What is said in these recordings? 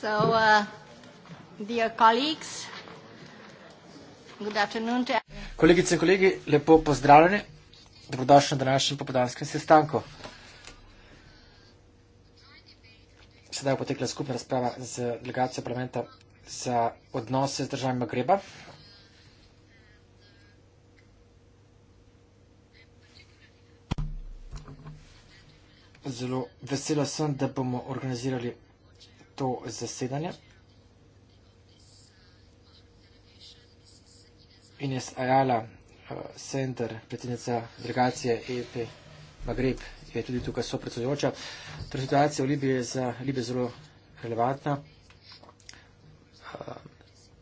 So, uh, dear colleagues, good afternoon to everyone. Kolegice in kolegi, lepo pozdravljeni. Dobrodošli na današnjem popodanskem sestanku. Sedaj je potekla skupna razprava z delegacijo parlamenta za odnose z državami Magreba. zelo vesela sem, da bomo organizirali to zasedanje. Ines Ayala, eh, center predsednica delegacije EP Magreb, je tudi tukaj sopredsedujoča. Torej situacija v Libiji je za Libijo zelo relevantna. Eh,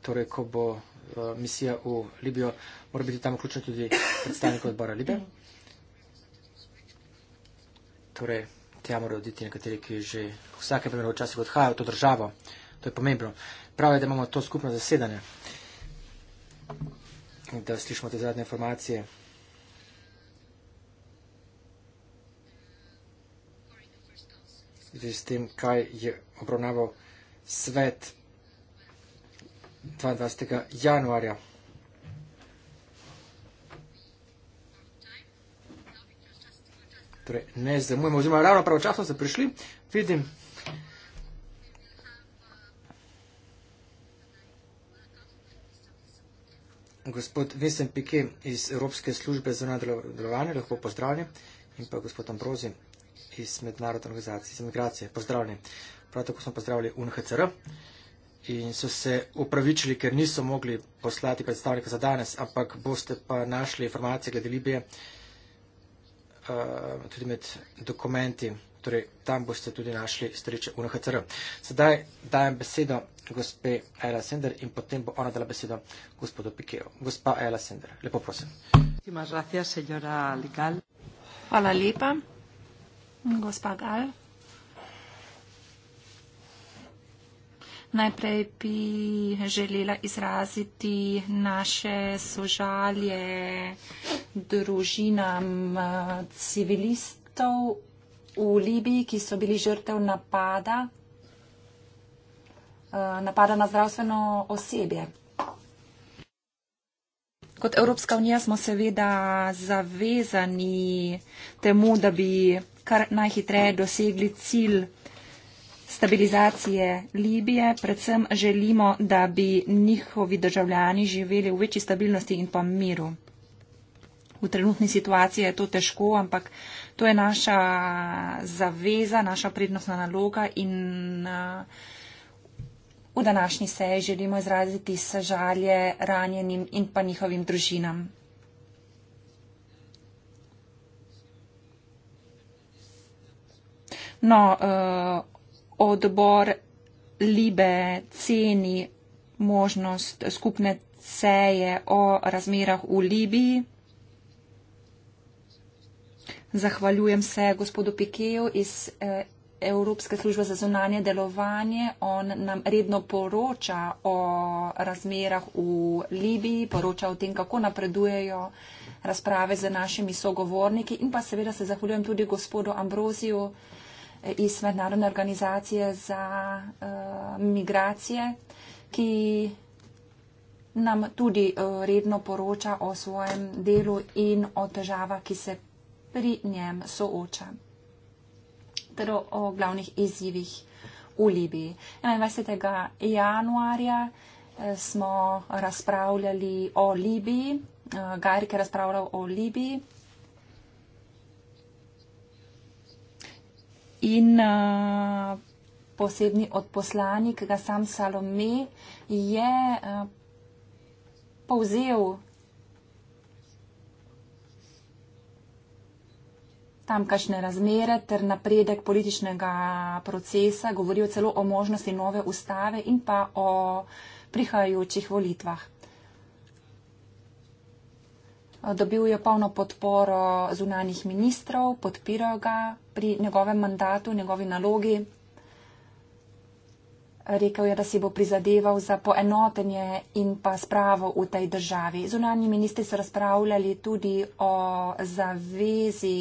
torej, ko bo eh, misija v Libijo, mora biti tam vključen tudi predstavnik odbora Libije. Torej, tja morajo oditi nekateri, ki že vsake primere včasih odhajajo v to državo. To je pomembno. Prav je, da imamo to skupno zasedanje. In da slišimo te zadnje informacije. Zdaj s tem, kaj je obravnaval svet 22. januarja. Torej, ne zamujamo, oziroma ravno pravočasno ste prišli, vidim. Gospod Vincent Pike iz Evropske službe za nadaljevanje, lahko pozdravljam, in pa gospod Ambrozi iz Mednarodne organizacije za migracije, pozdravljam. Prav tako smo pozdravili UNHCR in so se upravičili, ker niso mogli poslati predstavnika za danes, ampak boste pa našli informacije glede Libije. Uh, tudi med dokumenti, torej tam boste tudi našli stariče UNHCR. Sedaj dajem besedo gospe Ela Sender in potem bo ona dala besedo gospodu Pikeju. Gospa Ela Sender, lepo prosim. Hvala lepa, gospa Gal. Najprej bi želela izraziti naše sožalje družinam eh, civilistov v Libiji, ki so bili žrtev napada, eh, napada na zdravstveno osebje. Kot Evropska unija smo seveda zavezani temu, da bi kar najhitreje dosegli cilj stabilizacije Libije. Predvsem želimo, da bi njihovi državljani živeli v večji stabilnosti in pa miru. V trenutni situaciji je to težko, ampak to je naša zaveza, naša prednostna naloga in uh, v današnji seji želimo izraziti sažalje ranjenim in pa njihovim družinam. No, uh, odbor Libe ceni možnost skupne seje o razmerah v Libiji. Zahvaljujem se gospodu Pikeju iz eh, Evropske službe za zunanje delovanje. On nam redno poroča o razmerah v Libiji, poroča o tem, kako napredujejo razprave z našimi sogovorniki in pa seveda se zahvaljujem tudi gospodu Ambroziju iz Mednarodne organizacije za uh, migracije, ki nam tudi uh, redno poroča o svojem delu in o težavah, ki se pri njem sooča, ter o, o glavnih izzivih v Libiji. 21. januarja uh, smo razpravljali o Libiji, uh, Garik je razpravljal o Libiji. in uh, posebni odposlanik, ga sam Salome je uh, povzel tamkajšnje razmere ter napredek političnega procesa, govoril celo o možnosti nove ustave in pa o prihajajočih volitvah. Dobil je polno podporo zunanih ministrov, podpirajo ga pri njegovem mandatu, njegovi nalogi. Rekel je, da si bo prizadeval za poenotenje in pa spravo v tej državi. Zunani ministri so razpravljali tudi o zavezi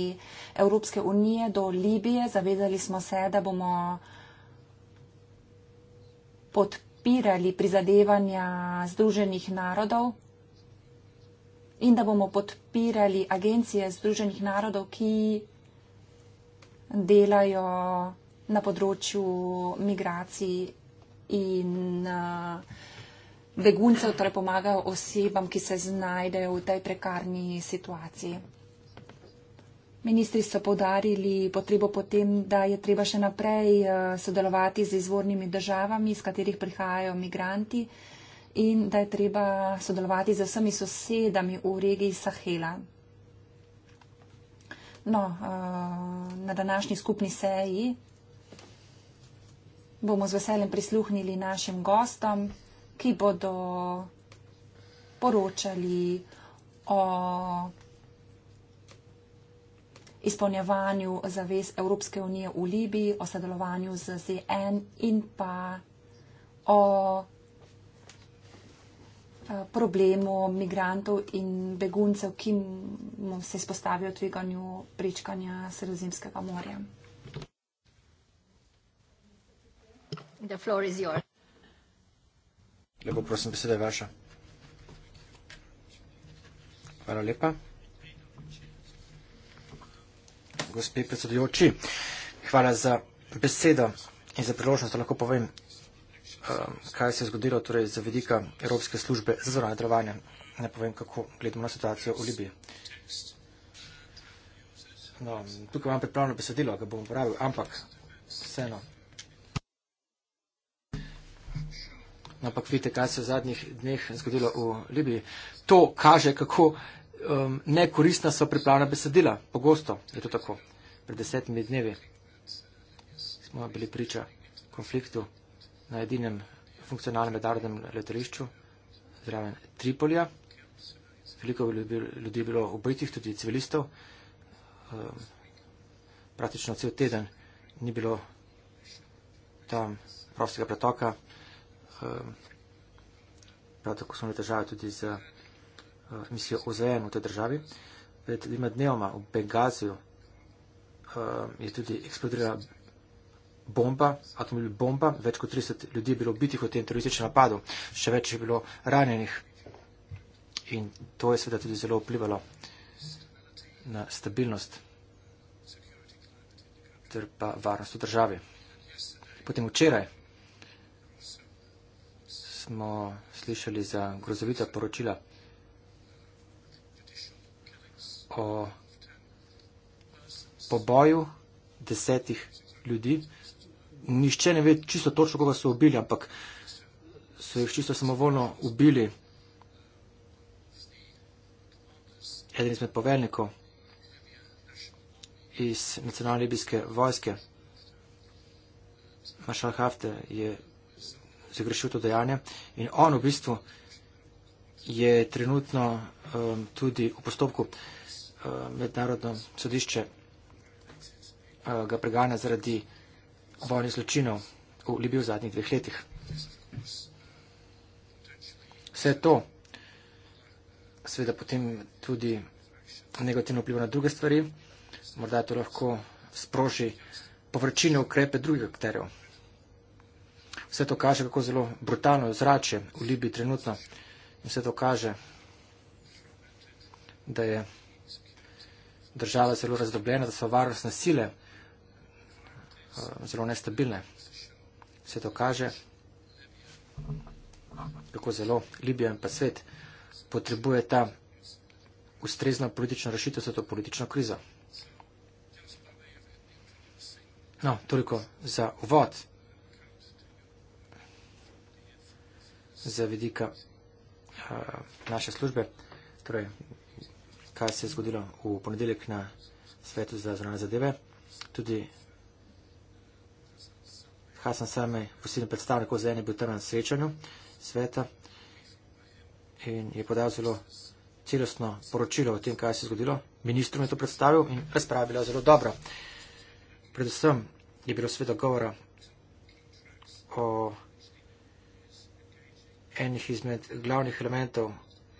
Evropske unije do Libije. Zavedali smo se, da bomo podpirali prizadevanja Združenih narodov in da bomo podpirali agencije Združenih narodov, ki delajo na področju migracij in eh, beguncev, torej pomagajo osebam, ki se znajdejo v tej prekarni situaciji. Ministri so podarili potrebo potem, da je treba še naprej eh, sodelovati z izvornimi državami, iz katerih prihajajo migranti in da je treba sodelovati z vsemi sosedami v regiji Sahela. No, eh, na današnji skupni seji bomo z veseljem prisluhnili našim gostom, ki bodo poročali o izpolnjevanju zavez Evropske unije v Libiji, o sodelovanju z ZN in pa o Eh, problemu migrantov in beguncev, ki se izpostavijo tveganju prečkanja Sredozemskega morja. Lepo prosim, beseda je vaša. Hvala lepa. Gospe predsedujoči, hvala za besedo in za priložnost, da lahko povem Um, kaj se je zgodilo torej, za vedika Evropske službe za zvonanje delovanja. Ne povem, kako gledamo na situacijo v Libiji. No, tukaj imam pripravljeno besedilo, ga bom uporabil, ampak vseeno. No, ampak vidite, kaj se je v zadnjih dneh zgodilo v Libiji. To kaže, kako um, nekoristna so pripravljena besedila. Pogosto je to tako. Pred desetimi dnevi smo bili priča konfliktu na edinem funkcionalnem mednarodnem letališču zraven Tripolja. Veliko ljudi je bilo ubitih, tudi civilistov. Ehm, praktično cel teden ni bilo tam prostega pretoka. Ehm, prav tako smo imeli težave tudi z eh, misijo OZN v tej državi. Pred dvima dnevoma v Bengaziju ehm, je tudi eksplodirala bomba, atomobil bomba, več kot 30 ljudi je bilo ubitih v tem terorističnem napadu, še več je bilo ranjenih in to je seveda tudi zelo vplivalo na stabilnost ter pa varnost v državi. Potem včeraj smo slišali za grozovita poročila o poboju desetih ljudi nišče ne ve čisto točno, koga so ubili, ampak so jih čisto samovoljno ubili. Eden izmed poveljnikov iz nacionalne libijske vojske, Maršal Hafte, je zagrešil to dejanje in on v bistvu je trenutno um, tudi v postopku um, mednarodno sodišče uh, ga preganja zaradi vojnih zločinov v Libiji v zadnjih dveh letih. Vse to seveda potem tudi negativno vpliva na druge stvari. Morda to lahko sproži povrčine ukrepe drugih akterjev. Vse to kaže, kako zelo brutalno je zrače v Libiji trenutno. In vse to kaže, da je država zelo razdobljena, da so varnostne sile Eh, zelo nestabilne. Vse to kaže, kako zelo Libija in pa svet potrebuje ta ustrezno politično rešitev za to politično krizo. No, toliko za uvod, za vidika uh, naše službe, torej, kaj se je zgodilo v ponedeljek na svetu za zranje zadeve. Tudi Hasan Same, posebni predstavnik OZN, je bil tam na srečanju sveta in je podal zelo celostno poročilo o tem, kaj se je zgodilo. Ministrom je to predstavil in razprava je bila zelo dobra. Predvsem je bilo sveda govora o enih izmed glavnih elementov,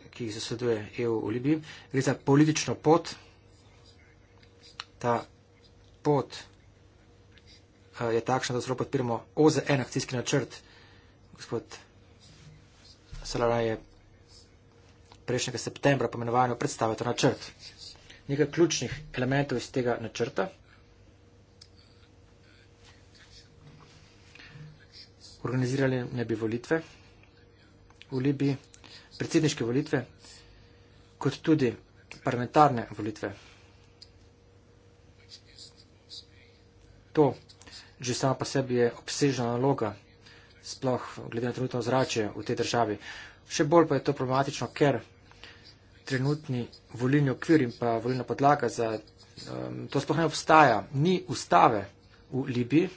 ki jih zasleduje EU v Libiji. Gre za politično pot. Ta pot Eh, je takšna, da zelo podpiramo OZN akcijski načrt. Gospod Salara je prejšnjega septembra pomenovanju predstavil ta načrt. Nekaj ključnih elementov iz tega načrta. Organizirali ne bi volitve v Libiji, predsedniške volitve, kot tudi parlamentarne volitve. To že sama po sebi je obsežna naloga, sploh glede na trenutno zrače v tej državi. Še bolj pa je to problematično, ker trenutni volilni okvir in pa volilna podlaga za um, to sploh ne obstaja. Ni ustave v Libiji,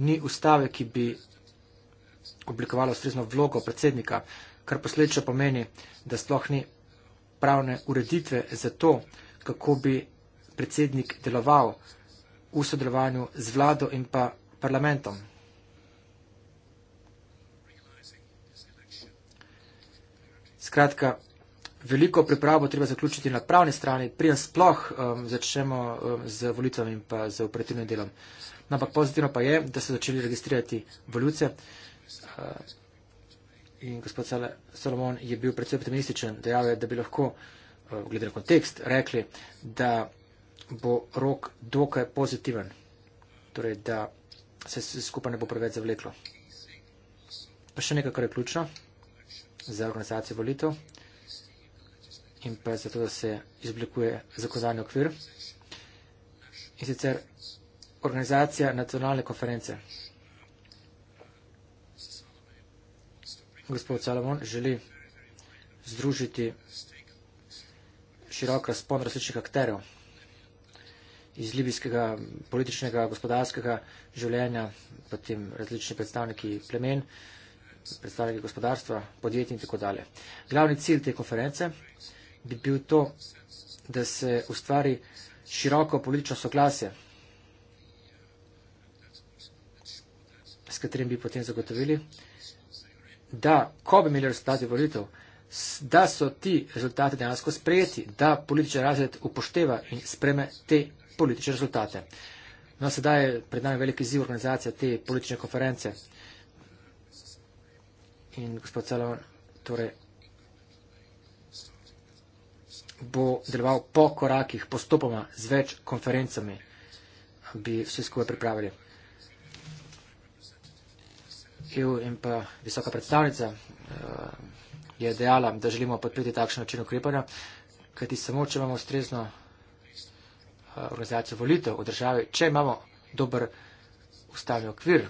ni ustave, ki bi oblikovala ustrezno vlogo predsednika, kar posledično pomeni, da sploh ni pravne ureditve za to, kako bi predsednik deloval v sodelovanju z vlado in pa parlamentom. Skratka, veliko pripravo treba zaključiti na pravni strani, prijem sploh um, začnemo um, z volitvami in pa z operativnim delom. No, ampak pozitivno pa je, da so začeli registrirati volitve. Uh, in gospod Salomon je bil predvsem optimističen, dejal je, da bi lahko, uh, glede na kontekst, rekli, da bo rok dokaj pozitiven, torej da se skupaj ne bo preved zavletlo. Pa še nekaj, kar je ključno za organizacijo volitev in pa za to, da se izblikuje zakonodajni okvir. In sicer organizacija nacionalne konference. Gospod Salomon želi združiti širok razpon različnih akterjev iz libijskega političnega, gospodarskega življenja, potem različni predstavniki plemen, predstavniki gospodarstva, podjetij in tako dalje. Glavni cilj te konference bi bil to, da se ustvari široko politično soglasje, s katerim bi potem zagotovili, da ko bi imeli rezultati volitev, da so ti rezultati dejansko sprejeti, da politični razred upošteva in spreme te politične rezultate. No, sedaj je pred nami veliki izziv organizacije te politične konference. In gospod Salon, torej, bo deloval po korakih, postopoma z več konferencami, bi vse skupaj pripravili. EU in pa visoka predstavnica uh, je dejala, da želimo podpreti takšen način ukrepanja, kajti samo, če imamo ustrezno Eh, organizacijo volitev v državi, če imamo dober ustavni okvir,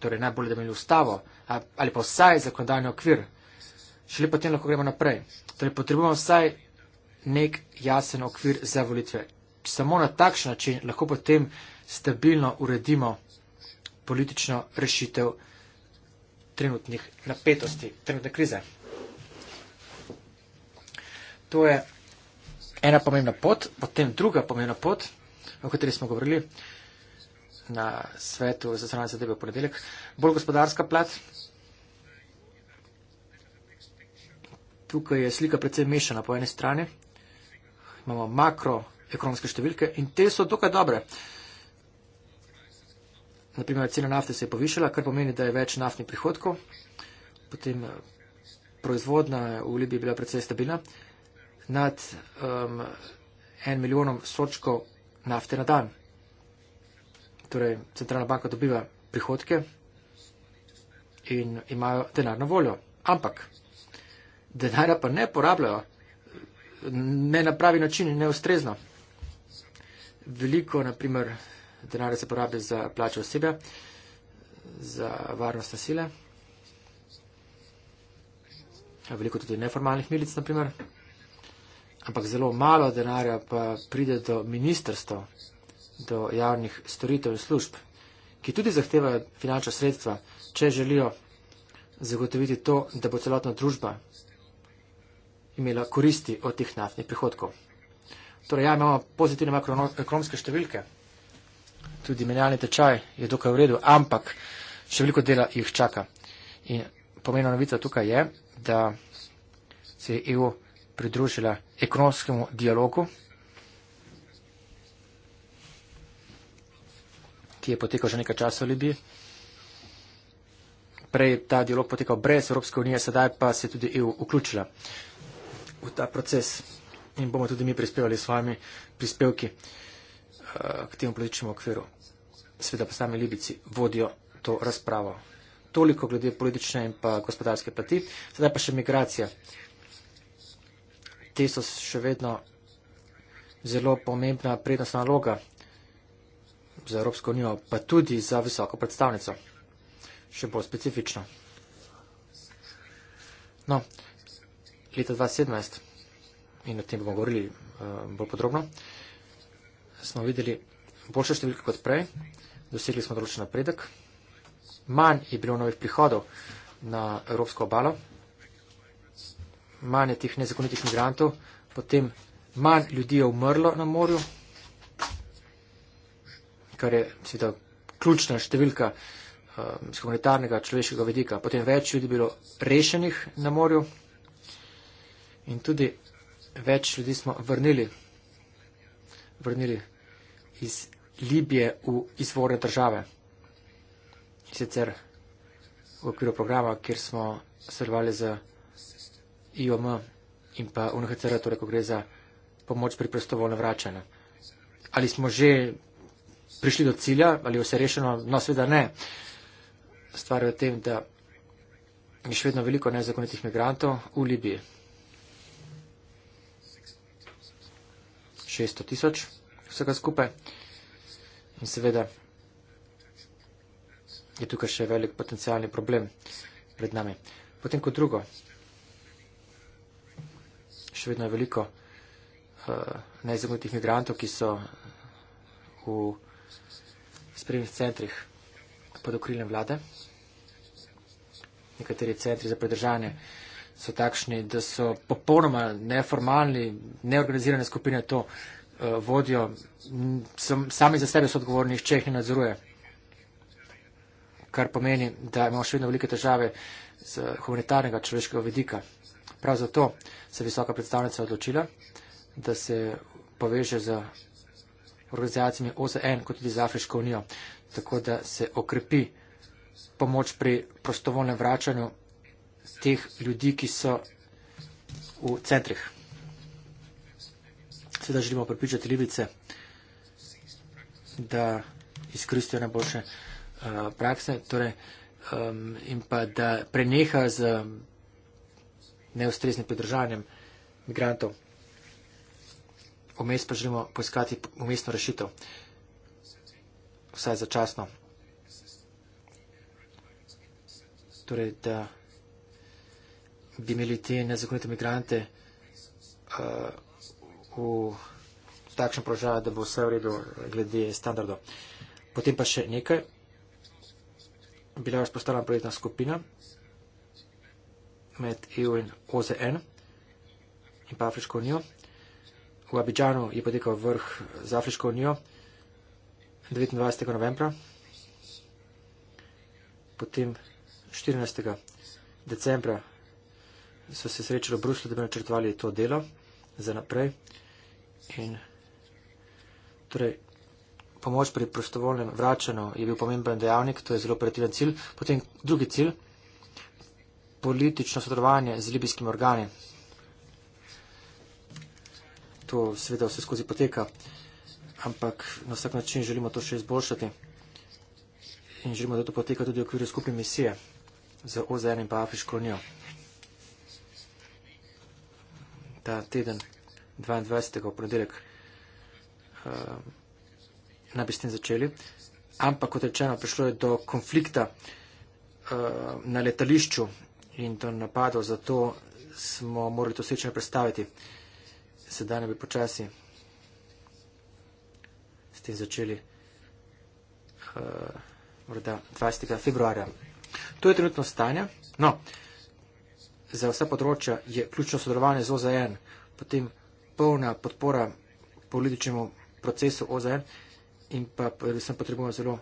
torej najbolje, da imeli ustavo ali pa vsaj zakonodajni okvir, šele potem lahko gremo naprej. Torej potrebujemo vsaj nek jasen okvir za volitve. Samo na takšen način lahko potem stabilno uredimo politično rešitev trenutnih napetosti, trenutne krize. To je ena pomembna pot, potem druga pomembna pot, o kateri smo govorili na svetu za zranje zadeve v ponedeljek, bolj gospodarska plat. Tukaj je slika predvsem mešana po eni strani. Imamo makroekonomske številke in te so dokaj dobre. Naprimer, cena nafte se je povišala, kar pomeni, da je več naftnih prihodkov. Potem eh, proizvodna v Libiji bila predvsej stabilna nad um, en milijonom sočkov nafte na dan. Torej, centralna banka dobiva prihodke in imajo denarno voljo. Ampak denarja pa ne porabljajo, ne na pravi način in neustrezno. Veliko, naprimer, denarja se porabi za plače osebja, za varnostne sile, veliko tudi neformalnih milic, naprimer, ampak zelo malo denarja pa pride do ministrstva, do javnih storitev in služb, ki tudi zahtevajo finančna sredstva, če želijo zagotoviti to, da bo celotna družba imela koristi od teh naftnih prihodkov. Torej, ja, imamo pozitivne makroekonomske številke, tudi menjalni tečaj je dokaj v redu, ampak še veliko dela jih čaka. In pomena novica tukaj je, da se je EU pridružila ekonomskemu dialogu, ki je potekal že nekaj časa v Libiji. Prej ta dialog potekal brez Evropske unije, sedaj pa se je tudi EU vključila v ta proces in bomo tudi mi prispevali s vami prispevki eh, k temu političnemu okviru. Sveda pa sami Libici vodijo to razpravo. Toliko glede politične in pa gospodarske plati. Sedaj pa še migracija tisto še vedno zelo pomembna prednostna naloga za Evropsko unijo, pa tudi za visoko predstavnico, še bolj specifično. No, leta 2017, in o tem bomo govorili uh, bolj podrobno, smo videli boljše številke kot prej, dosegli smo določen napredek, manj je bilo novih prihodov na Evropsko obalo, manj teh nezakonitih migrantov, potem manj ljudi je umrlo na morju, kar je seveda ključna številka iz um, uh, humanitarnega človeškega vedika. Potem več ljudi je bilo rešenih na morju in tudi več ljudi smo vrnili, vrnili iz Libije v izvore države. Sicer v okviru programa, kjer smo sodelovali z IOM in pa UNHCR, torej ko gre za pomoč pri prostovoljno vračanju. Ali smo že prišli do cilja, ali je vse rešeno? No, sveda ne. Stvar je v tem, da je še vedno veliko nezakonitih migrantov v Libiji. 600 tisoč vsega skupaj. In seveda je tukaj še velik potencijalni problem pred nami. Potem kot drugo, še vedno je veliko uh, eh, nezakonitih migrantov, ki so v spremnih centrih pod okriljem vlade. Nekateri centri za predržanje so takšni, da so popolnoma neformalni, neorganizirane skupine to uh, vodijo. Sam, sami za sebe so odgovorni, nihče jih ne nadzoruje. Kar pomeni, da imamo še vedno velike težave z humanitarnega človeškega vidika. Prav zato se visoka predstavnica odločila, da se poveže z organizacijami OZN kot tudi z Afriško unijo, tako da se okrepi pomoč pri prostovolnem vračanju teh ljudi, ki so v centrih. Sveda želimo pripričati Libice, da izkoristijo najboljše uh, prakse torej, um, in pa da preneha z neustreznim pridržanjem migrantov. Vmes pa želimo poiskati umestno rešitev, vsaj začasno. Torej, da bi imeli te nezakonite migrante uh, v takšnem položaju, da bo vse v redu glede standardov. Potem pa še nekaj. Bila je vzpostavljena projektna skupina, med EU in OZN in pa Afriško unijo. V Abidžanu je potekal vrh z Afriško unijo 29. novembra, potem 14. decembra so se srečali v Bruslu, da bi načrtovali to delo za naprej in torej pomoč pri prostovolnem vračanju je bil pomemben dejavnik, to je zelo operativen cilj. Potem drugi cilj, politično sodelovanje z libijskim organi. To seveda vse skozi poteka, ampak na vsak način želimo to še izboljšati in želimo, da to poteka tudi v okviru skupne misije za OZN in pa Afriško unijo. Ta teden 22. v ponedeljek uh, naj bi s tem začeli, ampak kot rečeno, prišlo je do konflikta uh, na letališču in do napadov, zato smo morali to srečanje predstaviti. Sedaj ne bi počasi s tem začeli uh, morda 20. februarja. To je trenutno stanje. No, za vsa področja je ključno sodelovanje z OZN, potem polna podpora političnemu procesu OZN in pa predvsem potrebujemo zelo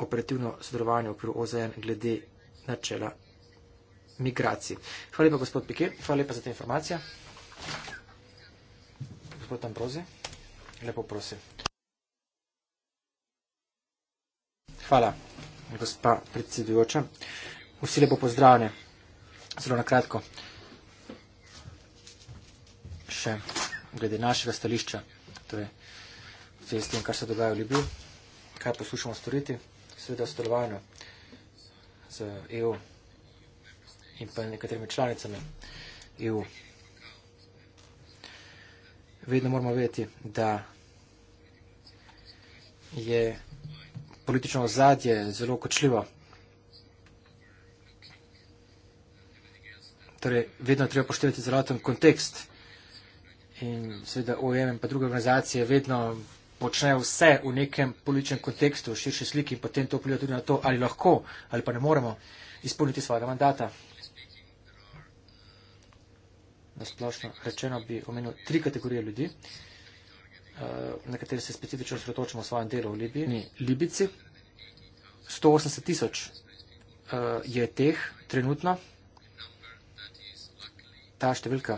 operativno sodelovanje v okviru OZN glede načela migracij. Hvala lepa, gospod Pike, hvala lepa za te informacije. Gospod Ambrozi, lepo prosim. Hvala, gospa predsedujoča. Vsi lepo pozdravljeni. Zelo na kratko. Še glede našega stališča, torej vse s tem, kar se dogaja v Libiji, kaj poslušamo storiti, seveda sodelovanju z EU, in pa nekaterimi članicami EU. Vedno moramo vedeti, da je politično ozadje zelo kočljivo. Torej, vedno treba poštevati zelaten kontekst in seveda OEM in pa druge organizacije vedno počnejo vse v nekem političnem kontekstu, širši sliki in potem to vpliva tudi na to, ali lahko ali pa ne moremo izpolniti svojega mandata na splošno rečeno bi omenil tri kategorije ljudi, eh, na katere se specifično sretočimo v svojem delu v Libiji. Ni. Libici, 180 tisoč eh, je teh trenutno. Ta številka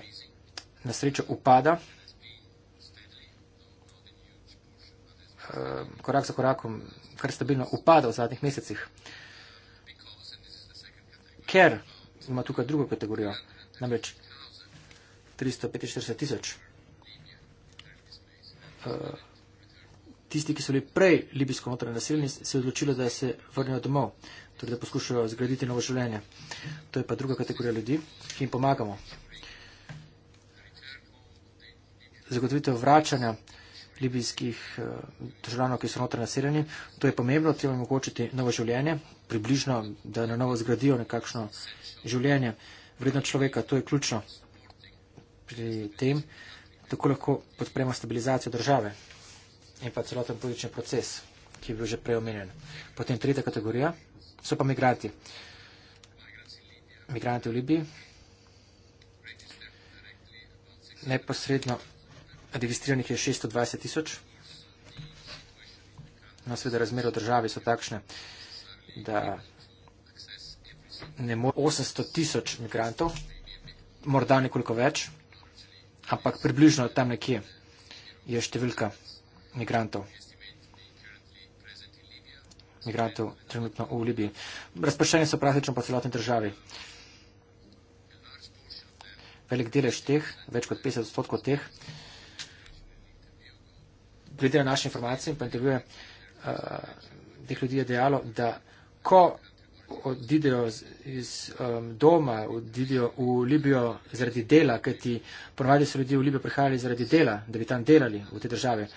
na srečo upada. Eh, korak za korakom, kar stabilno upada v zadnjih mesecih. Ker ima tukaj drugo kategorijo, namreč 345 tisoč. Uh, tisti, ki so bili prej libijsko notranje naseljeni, se odločili, da se vrnejo domov, torej da poskušajo zgraditi novo življenje. To je pa druga kategorija ljudi, ki jim pomagamo. Zagotovitev vračanja libijskih uh, državljanov, ki so notranje naseljeni, to je pomembno, treba jim omogočiti novo življenje, približno, da na novo zgradijo nekakšno življenje. Vredno človeka, to je ključno pri tem, tako lahko podpremo stabilizacijo države in pa celoten politični proces, ki je bil že prej omenjen. Potem tretja kategorija so pa migranti. Migranti v Libiji, neposredno registriranih je 620 tisoč. No, seveda razmere v državi so takšne, da ne more 800 tisoč migrantov, morda nekoliko več, ampak približno tam nekje je številka migrantov. Migrantov trenutno v Libiji. Razpršeni so praktično po celotni državi. Velik delež teh, več kot 50 odstotkov teh, glede na naše informacije in pa intervjuje uh, eh, teh ljudi je dejalo, da ko odidejo iz um, doma, odidejo v Libijo zaradi dela, kajti ponovadi so ljudje v Libijo prihajali zaradi dela, da bi tam delali v te države.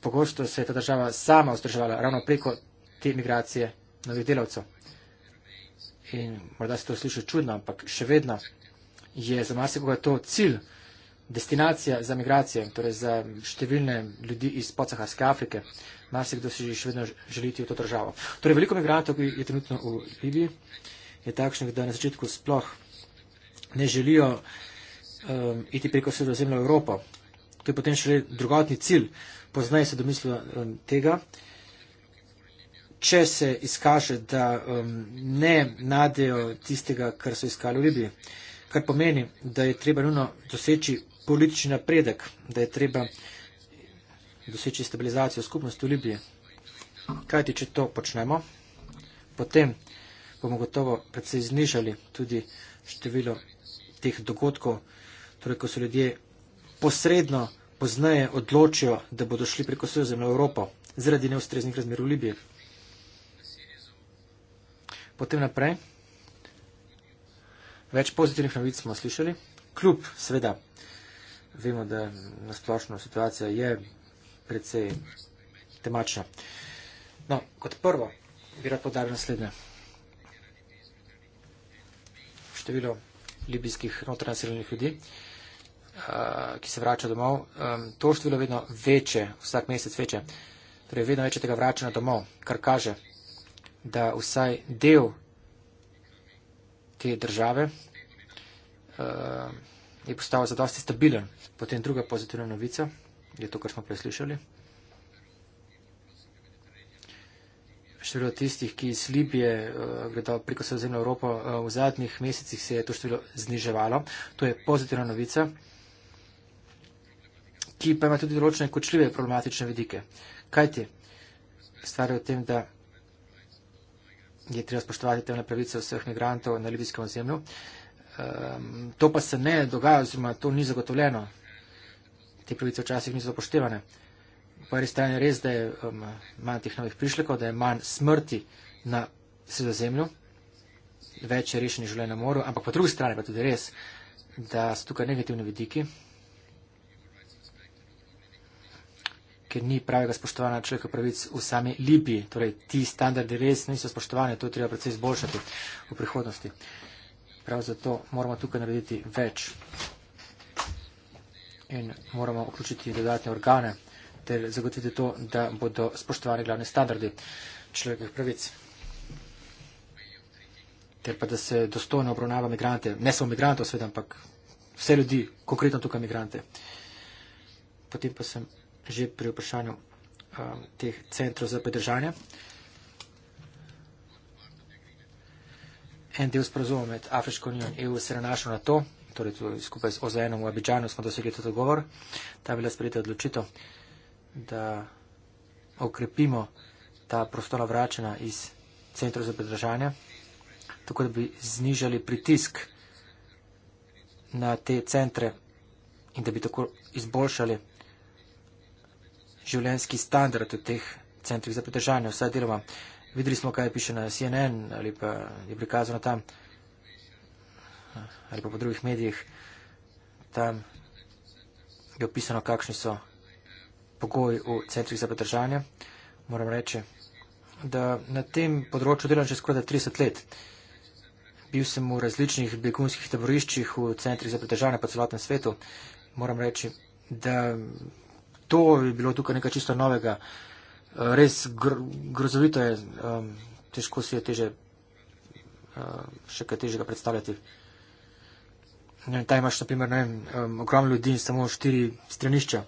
Pogosto se je ta država sama vzdrževala ravno preko te migracije novih delavcev. In morda se to sliši čudno, ampak še vedno je za marsikoga to cilj, destinacija za migracije, torej za številne ljudi iz podsaharske Afrike marsikdo si še vedno želiti v to državo. Torej, veliko migrantov, ki je trenutno v Libiji, je takšnih, da na začetku sploh ne želijo um, iti preko sredozemlja v Evropo. To je potem šele drugotni cilj. Poznaj se domislo um, tega. Če se izkaže, da um, ne nadejo tistega, kar so iskali v Libiji, kar pomeni, da je treba nujno doseči politični napredek, da je treba doseči stabilizacijo skupnosti v Libiji. Kajti, če to počnemo, potem bomo gotovo predvsej znižali tudi število teh dogodkov, torej ko so ljudje posredno poznaje odločijo, da bodo šli preko svojo zemljo v Evropo zaradi neustreznih razmer v Libiji. Potem naprej, več pozitivnih novic smo slišali, kljub seveda, vemo, da nasplošno situacija je precej temačna. No, kot prvo bi rad podaril naslednje. Število libijskih notranjasilnih ljudi, ki se vračajo domov, to število vedno večje, vsak mesec večje. Torej, vedno večje tega vračanja domov, kar kaže, da vsaj del te države je postal zadosti stabilen. Potem druga pozitivna novica je to, kar smo preslišali. Število tistih, ki iz Libije eh, gledajo preko sredozemlja Evropo, eh, v zadnjih mesecih se je to število zniževalo. To je pozitivna novica, ki pa ima tudi določene kočljive problematične vidike. Kaj ti stvari o tem, da je treba spoštovati temne pravice vseh migrantov na libijskem ozemlju? Ehm, to pa se ne dogaja, oziroma to ni zagotovljeno te pravice včasih niso upoštevane. Po eni strani je res, da je um, manj teh novih prišlekov, da je manj smrti na sredozemlju, več je rešenih življenj na moru, ampak po drugi strani pa tudi res, da so tukaj negativni vidiki, ker ni pravega spoštovanja človekov pravic v sami Libiji. Torej, ti standardi res niso spoštovani, to treba predvsej izboljšati v prihodnosti. Prav zato moramo tukaj narediti več in moramo vključiti dodatne organe ter zagotoviti to, da bodo spoštovani glavni standardi človekovih pravic. Ter pa da se dostojno obravnava migrante, ne samo migrantov, sveda, ampak vse ljudi, konkretno tukaj migrante. Potem pa sem že pri vprašanju um, teh centrov za pridržanje. En del sporozuma med Afriško unijo in EU se nanaša na to, torej skupaj z OZN-om v Abidžanu smo dosegli ta dogovor, ta je bila sprejeta odločitev, da okrepimo ta prostor vračena iz centrov za predražanje, tako da bi znižali pritisk na te centre in da bi tako izboljšali življenski standard v teh centrih za predražanje, vsaj deloma. Videli smo, kaj piše na CNN ali pa je prikazano tam ali pa po drugih medijih, tam je opisano, kakšni so pogoji v centrih za podržanje. Moram reči, da na tem področju delam že skoraj 30 let. Bil sem v različnih begunskih taboriščih, v centrih za podržanje po celotnem svetu. Moram reči, da to je bilo tukaj nekaj čisto novega. Res gr grozovito je, um, težko si je teže, uh, še kaj težjega predstavljati. Ta imaš, na primer, um, ogromno ljudi in samo štiri stranišča.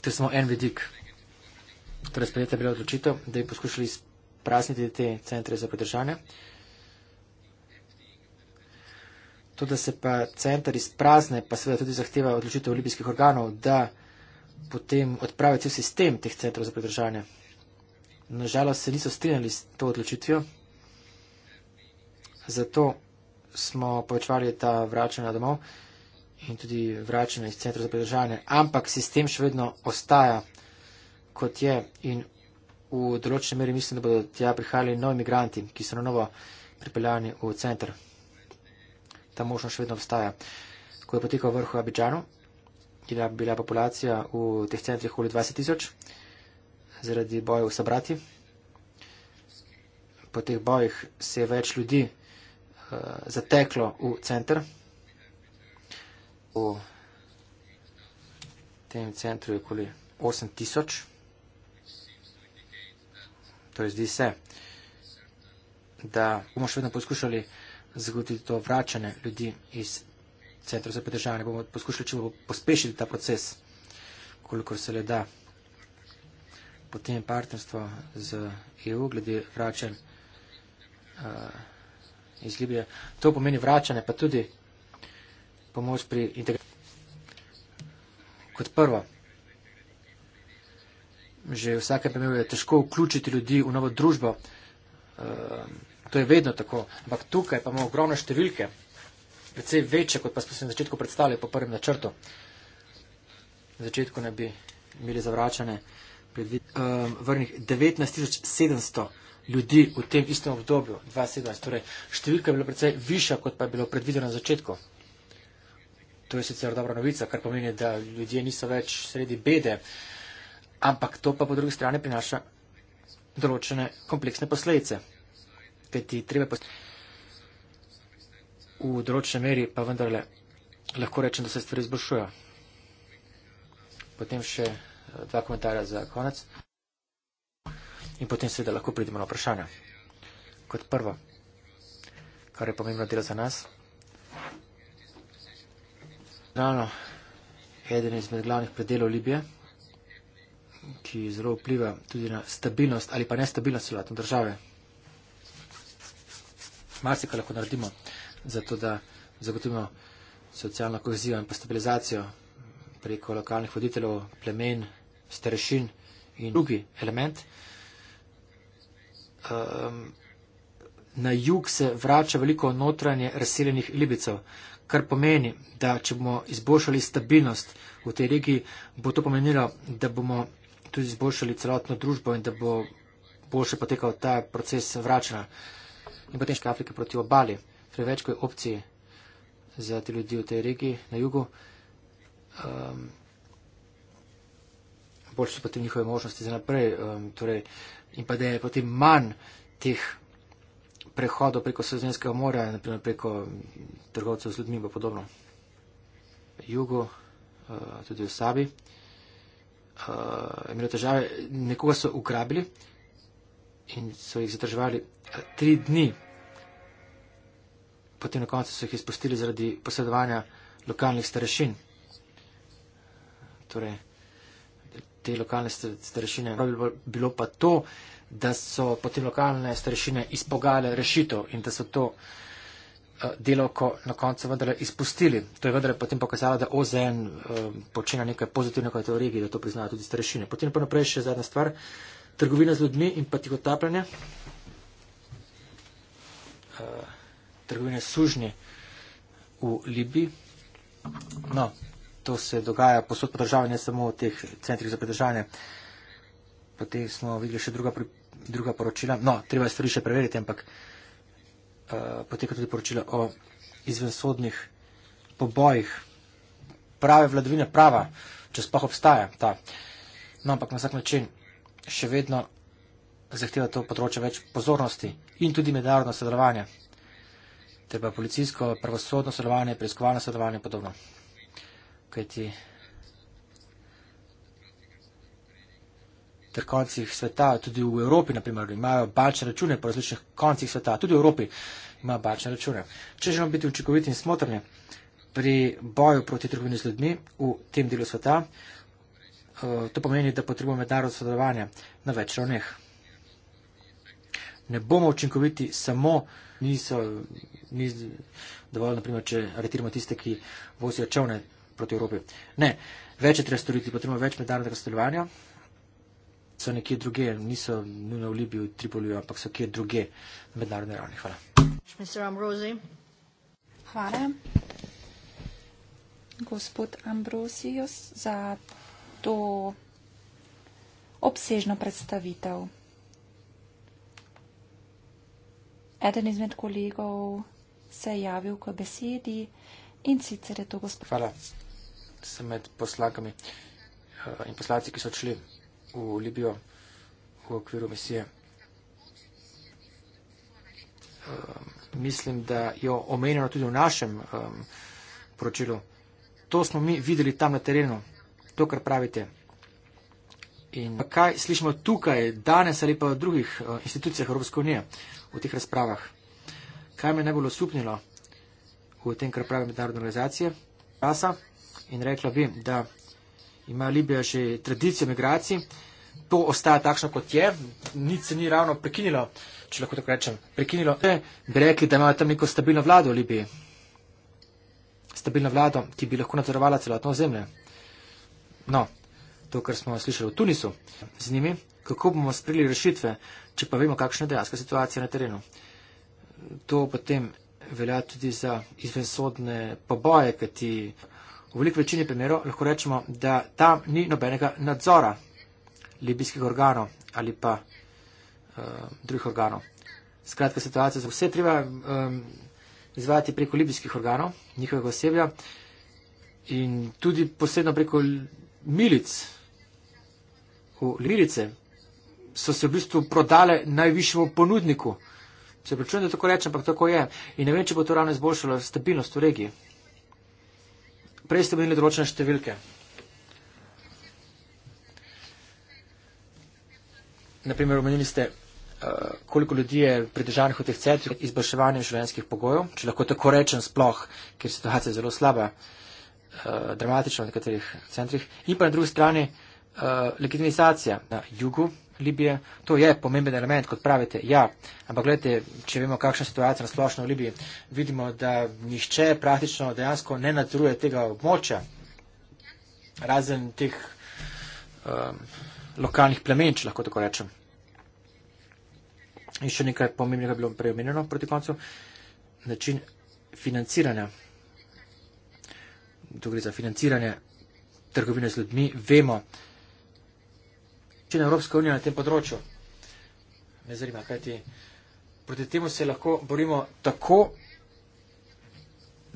To je samo en vidik. Torej, sprejeta je bila odločitev, da bi poskušali sprasniti te centre za pridržanje. To, da se pa center izprazne, pa seveda tudi zahteva odločitev libijskih organov, da potem odpravijo cel sistem teh centrov za pridržanje. Nažalost se niso strinjali s to odločitvijo. Zato smo povečvali ta vračanja domov in tudi vračanja iz centra za pridržanje. Ampak sistem še vedno ostaja, kot je in v določeni meri mislim, da bodo tja prihajali novi imigranti, ki so na novo pripeljani v centr. Ta možnost še vedno obstaja. Ko je potekal vrh v Abidžanu, je bila populacija v teh centrih okoli 20 tisoč zaradi bojev v Sabrati. Po teh bojih se je več ljudi Eh, zateklo v centr. V tem centru je okoli 8000. Torej zdi se, da bomo še vedno poskušali zagotoviti to vračanje ljudi iz centra za pridržavanje. Bomo poskušali čim bo pospešiti ta proces, koliko se le da. Potem partnerstvo z EU glede vračanja. Uh, eh, iz Libije. To pomeni vračanje, pa tudi pomoč pri integraciji. Kot prvo, že v vsakem primeru je težko vključiti ljudi v novo družbo. Eh, to je vedno tako. Ampak tukaj pa imamo ogromne številke, precej večje, kot pa smo se na začetku predstavili po prvem načrtu. Na začetku ne bi imeli zavračane predvidenih eh, 19.700 ljudi v tem istem obdobju, 2017. Torej, številka je bila precej višja, kot pa je bilo predvideno na začetku. To je sicer dobra novica, kar pomeni, da ljudje niso več sredi bede, ampak to pa po drugi strani prinaša določene kompleksne posledice. Kajti treba pos v določene meri pa vendarle lahko rečem, da se stvari izboljšujejo. Potem še eh, dva komentarja za konec in potem seveda lahko pridemo na vprašanja. Kot prvo, kar je pomembno delo za nas, Realno, eden izmed glavnih predelov Libije, ki zelo vpliva tudi na stabilnost ali pa nestabilnost celotne države. Marsika lahko naredimo za to, da zagotovimo socialno kohezijo in pa stabilizacijo preko lokalnih voditeljev, plemen, starešin in drugi element. Uh, um, na jug se vrača veliko notranje razseljenih libicov, kar pomeni, da če bomo izboljšali stabilnost v tej regiji, bo to pomenilo, da bomo tudi izboljšali celotno družbo in da bo boljše potekal ta proces vračanja in potem še Afrike proti obali. Preveč kot je opcije za te ljudi v tej regiji na jugu. Um, bolj so potem njihove možnosti za naprej. Um, torej, in pa da je potem manj teh prehodov preko Sredozemskega morja, naprimer preko mm, trgovcev z ljudmi in podobno. Jugo, uh, tudi v Sabi, uh, imeli težave, nekoga so ukrabili in so jih zadrževali uh, tri dni. Potem na koncu so jih izpustili zaradi posredovanja lokalnih starešin. Torej, te lokalne starešine. Pravi bilo pa to, da so te lokalne starešine izpogale rešitev in da so to eh, delovko na koncu vendarle izpustili. To je vendarle potem pokazalo, da OZN eh, počne nekaj pozitivnega v tej regiji, da to priznajo tudi starešine. Potem pa naprej še zadnja stvar, trgovina z ljudmi in pa tihotapljanje. Eh, trgovine sužnje v Libiji. No, to se dogaja posod po državi, ne samo v teh centrih za pridržanje. Potem smo videli še druga, druga poročila. No, treba je stvari še preveriti, ampak uh, poteka tudi poročila o izvensodnih pobojih. Prave vladovine, prava, če spoh obstaja ta. No, ampak na vsak način še vedno zahteva to področje več pozornosti in tudi mednarodno sodelovanje. Treba policijsko, pravosodno sodelovanje, preiskovalno sodelovanje in podobno kajti ter koncih sveta, tudi v Evropi, naprimer, imajo bančne račune po različnih koncih sveta, tudi v Evropi imajo bančne račune. Če želimo biti učinkoviti in smotrni pri boju proti trgovini z ljudmi v tem delu sveta, eh, to pomeni, da potrebujemo mednarodno sodelovanje na več ravneh. Ne bomo učinkoviti samo, niso, ni dovolj, naprimer, če aretiramo tiste, ki vozijo čovne proti Evropi. Ne, več je treba storiti, potrebno več mednarodnega sodelovanja. So nekje druge, niso nujno v Libiji, v Tripoliju, ampak so kjer druge mednarodne ravni. Hvala. Hvala. Gospod Ambrosijus za to obsežno predstavitev. Eden izmed kolegov se je javil k besedi in sicer je to gospod. Hvala se med poslankami eh, in poslanci, ki so šli v Libijo v okviru misije. Eh, mislim, da jo omenjeno tudi v našem eh, poročilu. To smo mi videli tam na terenu, to, kar pravite. In kaj slišimo tukaj, danes ali pa v drugih institucijah Evropske unije v teh razpravah? Kaj me je najbolj osupnilo v tem, kar pravi mednarodna organizacija? Pasa? in rekla bi, da ima Libija že tradicijo migracij, to ostaja takšno, kot je, nič se ni ravno prekinilo, če lahko tako rečem, prekinilo. Ne bi rekli, da imajo tam neko stabilno vlado v Libiji, stabilno vlado, ki bi lahko nadzorovala celotno zemlje. No, to, kar smo slišali v Tunisu, z njimi, kako bomo sprili rešitve, če pa vemo, kakšna je dejanska situacija na terenu. To potem velja tudi za izvensodne poboje, kajti V veliki večini primerov lahko rečemo, da tam ni nobenega nadzora libijskih organov ali pa uh, drugih organov. Skratka, situacija za vse treba um, izvajati preko libijskih organov, njihovega osebja in tudi posebno preko milic. V Lirice so se v bistvu prodale najvišjemu ponudniku. Se pričujem, da tako rečem, ampak tako je. In ne vem, če bo to ravno izboljšalo stabilnost v regiji. Prej ste omenili določene številke. Naprimer, omenili ste, eh, koliko ljudi je pridržanih v teh centrih izboljševanjem življenjskih pogojev, če lahko tako rečem sploh, ker situacija je zelo slaba, eh, dramatična v nekaterih centrih. In pa na drugi strani eh, legitimizacija na jugu, Libije. To je pomemben element, kot pravite, ja, ampak gledajte, če vemo, kakšna situacija na splošno v Libiji, vidimo, da nihče praktično dejansko ne nadzoruje tega območja, razen teh um, lokalnih plemen, če lahko tako rečem. In še nekaj pomembnega bilo preomenjeno proti koncu, način financiranja. Tu gre za financiranje trgovine z ljudmi. Vemo, če je Evropska unija na tem področju. Me zanima, kaj ti. Proti temu se lahko borimo tako,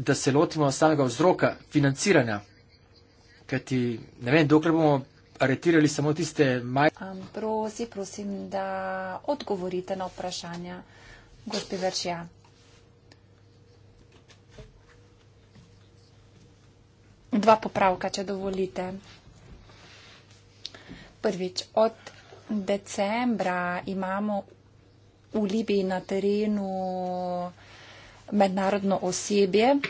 da se lotimo samega vzroka financiranja. Kaj ti, ne vem, dokler bomo aretirali samo tiste majhne. Um, prosi, prosim, da odgovorite na vprašanja, gospe Verčija. Dva popravka, če dovolite prvič, od decembra imamo v Libiji na terenu mednarodno osebje, eh,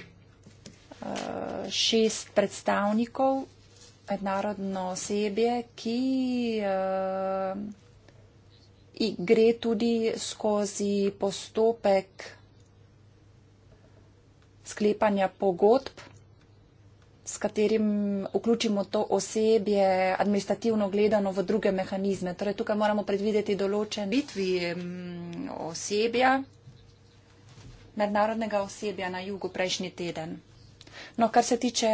šest predstavnikov mednarodno osebje, ki eh, gre tudi skozi postopek sklepanja pogodb s katerim vključimo to osebje, administrativno gledano v druge mehanizme. Torej, tukaj moramo predvideti določen bitvi osebja, mednarodnega osebja na jugu prejšnji teden. No, kar se tiče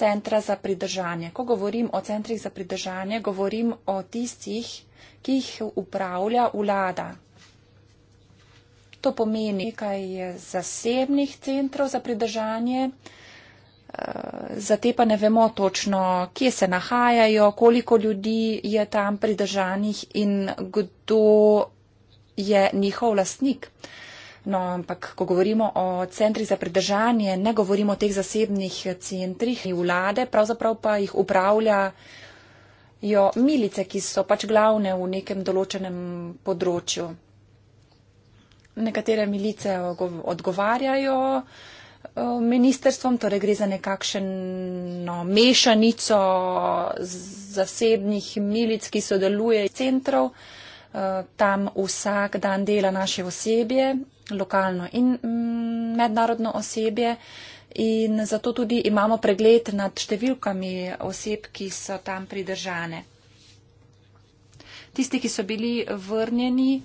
centra za pridržanje. Ko govorim o centrih za pridržanje, govorim o tistih, ki jih upravlja vlada, To pomeni nekaj zasebnih centrov za pridržanje, eh, za te pa ne vemo točno, kje se nahajajo, koliko ljudi je tam pridržanih in kdo je njihov lastnik. No, ampak ko govorimo o centri za pridržanje, ne govorimo o teh zasebnih centrih in vlade, pravzaprav pa jih upravlja jo milice, ki so pač glavne v nekem določenem področju nekatere milice odgovarjajo eh, ministerstvom, torej gre za nekakšno mešanico zasebnih milic, ki sodeluje iz centrov. Eh, tam vsak dan dela naše osebje, lokalno in mm, mednarodno osebje. In zato tudi imamo pregled nad številkami oseb, ki so tam pridržane. Tisti, ki so bili vrnjeni,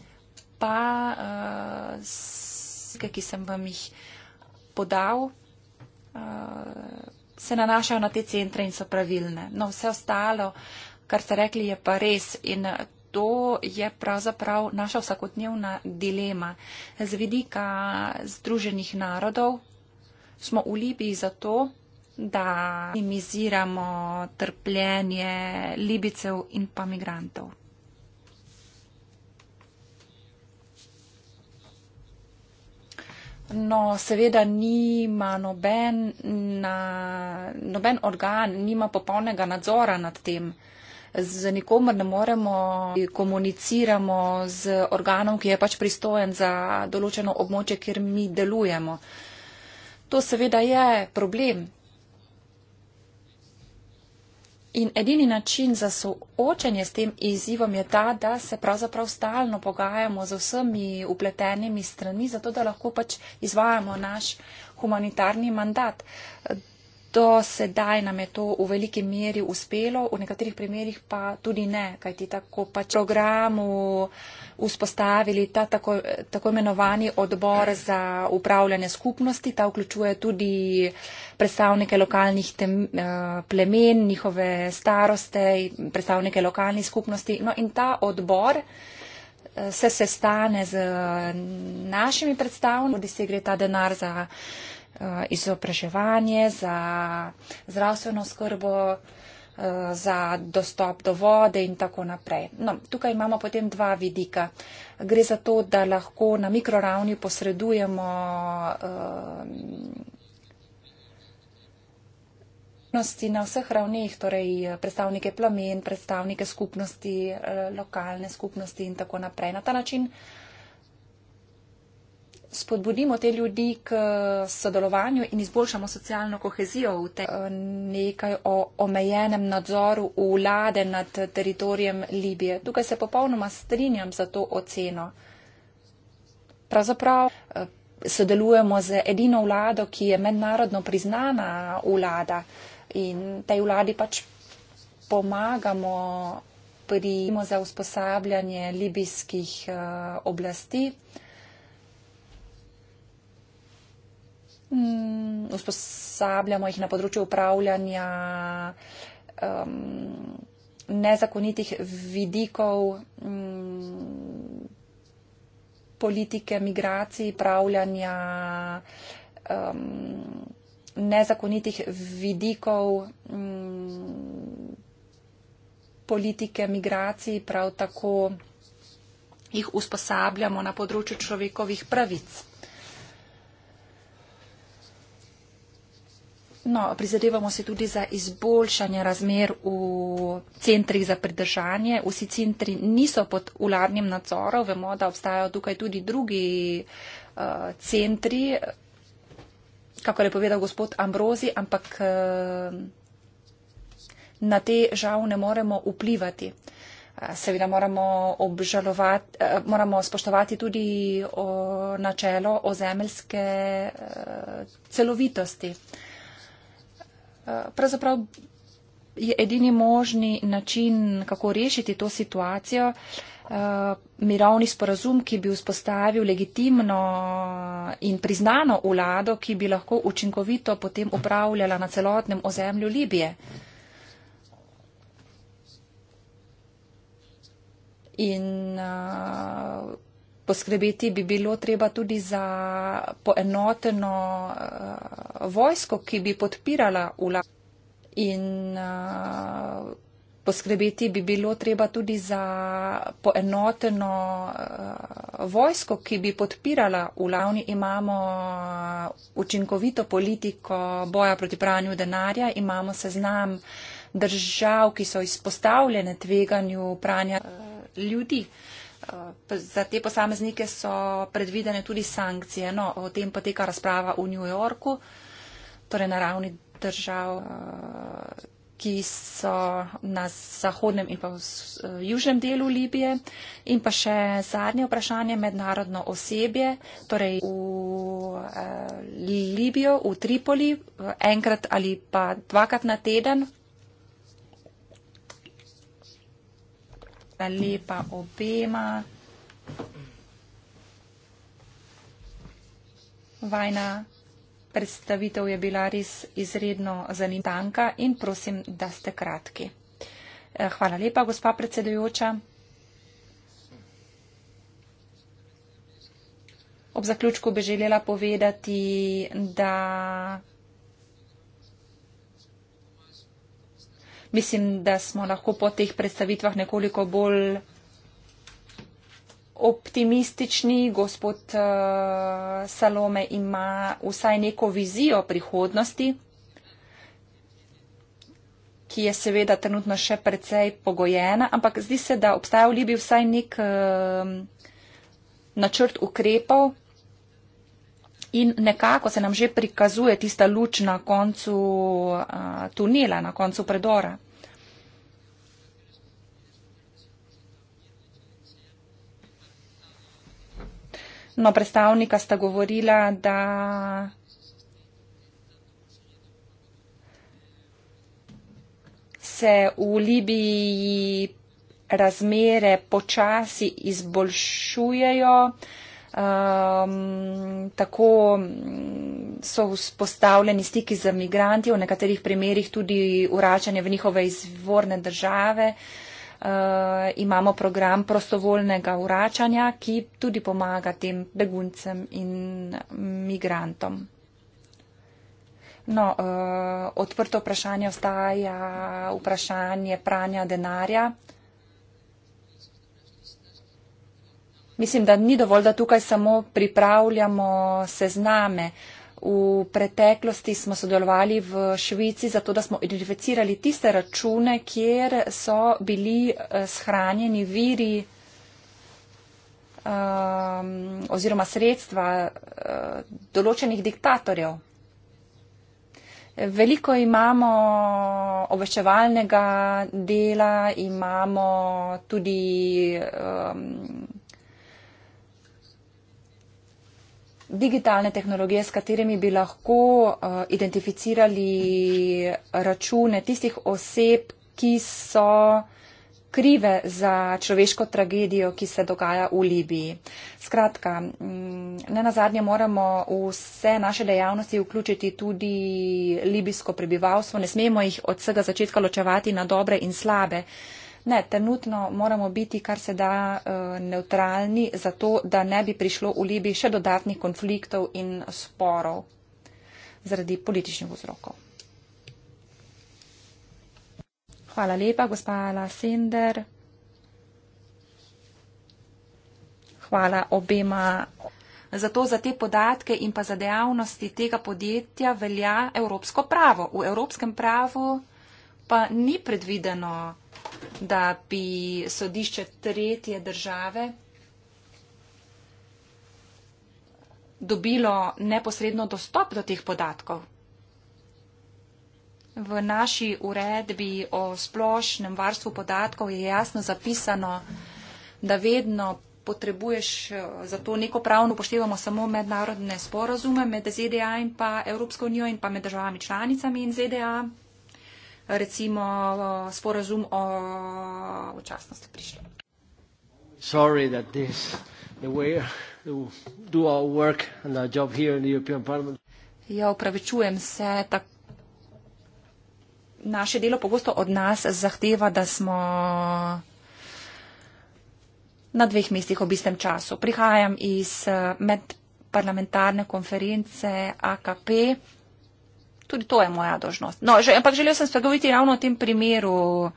pa uh, eh, slike, ki sem vam jih podal, uh, se nanašajo na te centre in so pravilne. No, vse ostalo, kar ste rekli, je pa res. In to je pravzaprav naša vsakotnevna dilema. Z vidika Združenih narodov smo v Libiji zato, da minimiziramo trpljenje Libicev in pa migrantov. No, seveda nima noben, na, noben organ, nima popolnega nadzora nad tem. Z nikomer ne moremo komuniciramo z organom, ki je pač pristojen za določeno območje, kjer mi delujemo. To seveda je problem, In edini način za soočanje s tem izzivom je ta, da se pravzaprav stalno pogajamo z vsemi upletenimi strani, zato da lahko pač izvajamo naš humanitarni mandat. Do sedaj nam je to v veliki meri uspelo, v nekaterih primerjih pa tudi ne, kajti tako pač programu vzpostavili ta tako, tako imenovani odbor za upravljanje skupnosti. Ta vključuje tudi predstavnike lokalnih tem, eh, plemen, njihove staroste, predstavnike lokalnih skupnosti. No in ta odbor eh, se sestane z našimi predstavniki, tudi se gre ta denar za. Eh, izobraževanje, za zdravstveno skrbo, eh, za dostop do vode in tako naprej. No, tukaj imamo potem dva vidika. Gre za to, da lahko na mikroravni posredujemo eh, na vseh ravneh, torej predstavnike plamen, predstavnike skupnosti, lokalne skupnosti in tako naprej. Na ta način uh, spodbudimo te ljudi k sodelovanju in izboljšamo socialno kohezijo v tem eh, nekaj o omejenem nadzoru vlade nad teritorijem Libije. Tukaj se popolnoma strinjam za to oceno. Pravzaprav eh, sodelujemo z edino vlado, ki je mednarodno priznana vlada in tej vladi pač pomagamo pri za usposabljanje libijskih uh, oblasti. Mm, usposabljamo jih na področju upravljanja um, nezakonitih vidikov um, politike migracij, upravljanja um, nezakonitih vidikov um, politike migracij, prav tako jih usposabljamo na področju človekovih pravic. No, prizadevamo se tudi za izboljšanje razmer v centrih za pridržanje. Vsi centri niso pod uladnim nadzorom. Vemo, da obstajajo tukaj tudi drugi uh, centri, kako je povedal gospod Ambrozi, ampak uh, na te žal ne moremo vplivati. Eh, seveda moramo, moramo spoštovati tudi o načelo ozemeljske celovitosti pravzaprav je edini možni način, kako rešiti to situacijo, eh, mirovni sporazum, ki bi vzpostavil legitimno eh, in priznano vlado, ki bi lahko učinkovito potem upravljala na celotnem ozemlju Libije. In uh, Poskrbeti bi bilo treba tudi za poenoteno uh, vojsko, ki bi podpirala ula. In uh, poskrbeti bi bilo treba tudi za poenoteno uh, vojsko, ki bi podpirala ula. Mi imamo učinkovito politiko boja proti pranju denarja, imamo seznam držav, ki so izpostavljene tveganju pranja uh, ljudi. Eh, za te posameznike so predvidene tudi sankcije. No, o tem poteka razprava v New Yorku, torej na ravni držav, eh, ki so na zahodnem in pa v eh, južnem delu Libije. In pa še zadnje vprašanje, mednarodno osebje, torej v Libijo, v Tripoli, enkrat ali pa dvakrat na teden Hvala lepa obema. Vajna predstavitev je bila res izredno zanimanka in prosim, da ste kratki. Eh, hvala lepa, gospa predsedujoča. Ob zaključku bi želela povedati, da. Mislim, da smo lahko po teh predstavitvah nekoliko bolj optimistični. Gospod uh, Salome ima vsaj neko vizijo prihodnosti, ki je seveda trenutno še precej pogojena, ampak zdi se, da obstaja v Libi vsaj nek uh, načrt ukrepov. In nekako se nam že prikazuje tista luč na koncu uh, tunela, na koncu predora. No, predstavnika sta govorila, da se v Libiji razmere počasi izboljšujejo. Um, tako so vzpostavljeni stiki z migranti, v nekaterih primerjih tudi uračanje v njihove izvorne države. Uh, Eh, imamo program prostovoljnega vračanja, ki tudi pomaga tem beguncem in migrantom. No, eh, odprto vprašanje ostaja vprašanje pranja denarja. Mislim, da ni dovolj, da tukaj samo pripravljamo sezname. Uh, v preteklosti smo sodelovali v Švici, zato da smo identificirali tiste račune, kjer so bili eh, shranjeni viri um, oziroma sredstva uh, določenih diktatorjev. Veliko imamo obveščevalnega dela, imamo tudi. Um, digitalne tehnologije, s katerimi bi lahko uh, identificirali račune tistih oseb, ki so krive za človeško tragedijo, ki se dogaja v Libiji. Skratka, mm, ne na zadnje moramo vse naše dejavnosti vključiti tudi libijsko prebivalstvo, ne smemo jih od vsega začetka ločevati na dobre in slabe. Uh, Ne, trenutno moramo biti kar se da eh, neutralni, zato da ne bi prišlo v Libiji še dodatnih konfliktov in sporov zaradi političnih vzrokov. Hvala lepa, gospa Lasender. Hvala obema. Zato za te podatke in pa za dejavnosti tega podjetja velja evropsko pravo. V evropskem pravu pa ni predvideno da bi sodišče tretje države dobilo neposredno dostop do teh podatkov. V naši uredbi o splošnem varstvu podatkov je jasno zapisano, da vedno potrebuješ za to neko pravno upoštevamo samo mednarodne sporozume med ZDA in pa Evropsko unijo in pa med državami članicami in ZDA recimo sporazum o včasnosti prišlo. Sorry that this the way to do our work and our job here in the European Parliament. Ja, upravičujem se, tak naše delo pogosto od nas zahteva, da smo na dveh mestih ob istem času. Prihajam iz eh, medparlamentarne konference AKP. Tudi to je moja dožnost. No, že, ampak želel sem spregovoriti ravno o tem primeru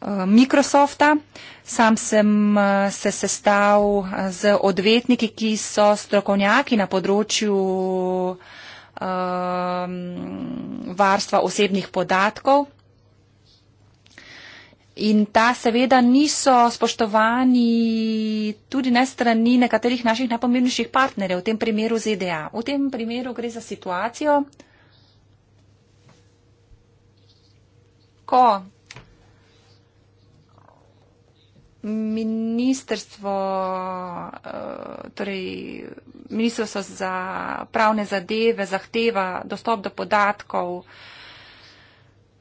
eh, Microsofta. Sam sem eh, se sestal eh, z odvetniki, ki so strokovnjaki na področju um, varstva osebnih podatkov. In ta seveda niso spoštovani tudi ne strani nekaterih naših najpomembnejših partnerjev, v tem primeru ZDA. V tem primeru gre za situacijo, ko ministrstvo, eh, torej ministrstvo za pravne zadeve zahteva dostop do podatkov,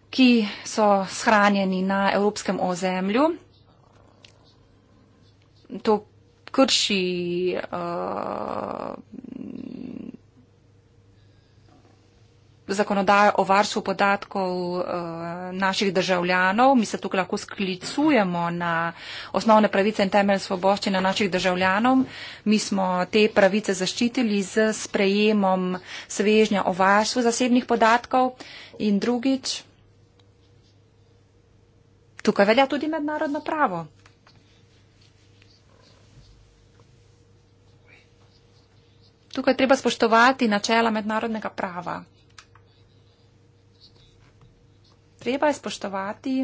ki so shranjeni na evropskem ozemlju. To krši uh, zakonodajo o varstvu podatkov uh, naših državljanov. Mi se tukaj lahko sklicujemo na osnovne pravice in temelj svoboščine na naših državljanov. Mi smo te pravice zaščitili z sprejemom svežnja o varstvu zasebnih podatkov in drugič. Tukaj velja tudi mednarodno pravo. Tukaj treba spoštovati načela mednarodnega prava. Treba je spoštovati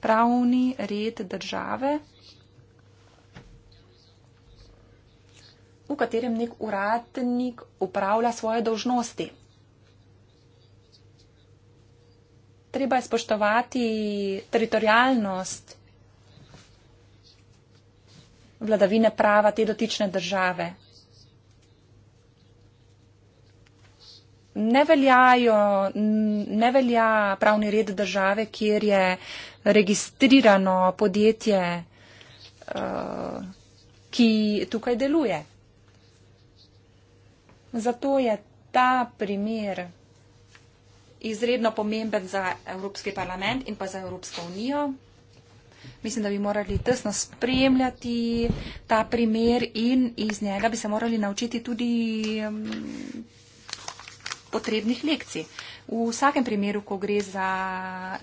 pravni red države, v katerem nek uradnik upravlja svoje dožnosti. treba je spoštovati teritorijalnost vladavine prava te dotične države. Ne, veljajo, ne velja pravni red države, kjer je registrirano podjetje, eh, ki tukaj deluje. Zato je ta primer izredno pomemben za Evropski parlament in pa za Evropsko unijo. Mislim, da bi morali tesno spremljati ta primer in iz njega bi se morali naučiti tudi mm, potrebnih lekcij. V vsakem primeru, ko gre za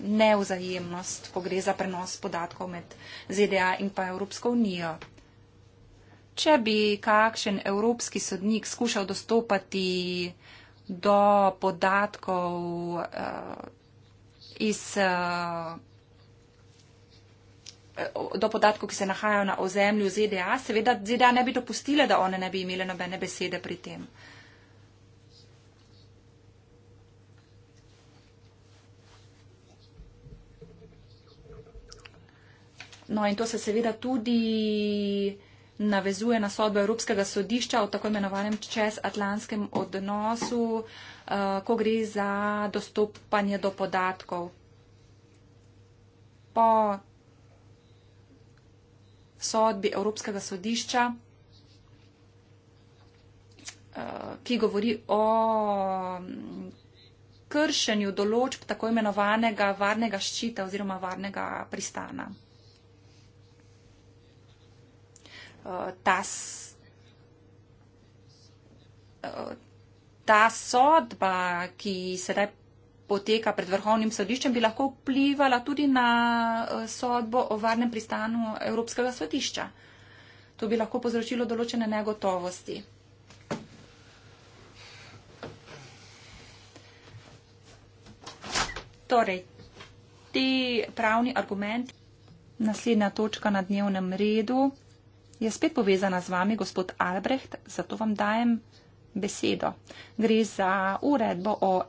neuzajemnost, ko gre za prenos podatkov med ZDA in pa Evropsko unijo. Če bi kakšen evropski sodnik skušal dostopati uh, do podatkov eh, iz eh, do podatkov, ki se nahajajo na ozemlju ZDA, seveda ZDA ne bi dopustile, da one ne bi imele nobene besede pri tem. No in to se seveda tudi navezuje na sodbo Evropskega sodišča o tako imenovanem čezatlantskem odnosu, eh, ko gre za dostopanje do podatkov. Po sodbi Evropskega sodišča, eh, ki govori o mm, kršenju določb tako imenovanega varnega ščita oziroma varnega pristana. ta, ta sodba, ki sedaj poteka pred vrhovnim sodiščem, bi lahko vplivala tudi na eh, sodbo o varnem pristanu Evropskega sodišča. To bi lahko povzročilo določene negotovosti. Torej, ti pravni argumenti. Naslednja točka na dnevnem redu je spet povezana z vami, gospod Albrecht, zato vam dajem besedo. Gre za uredbo o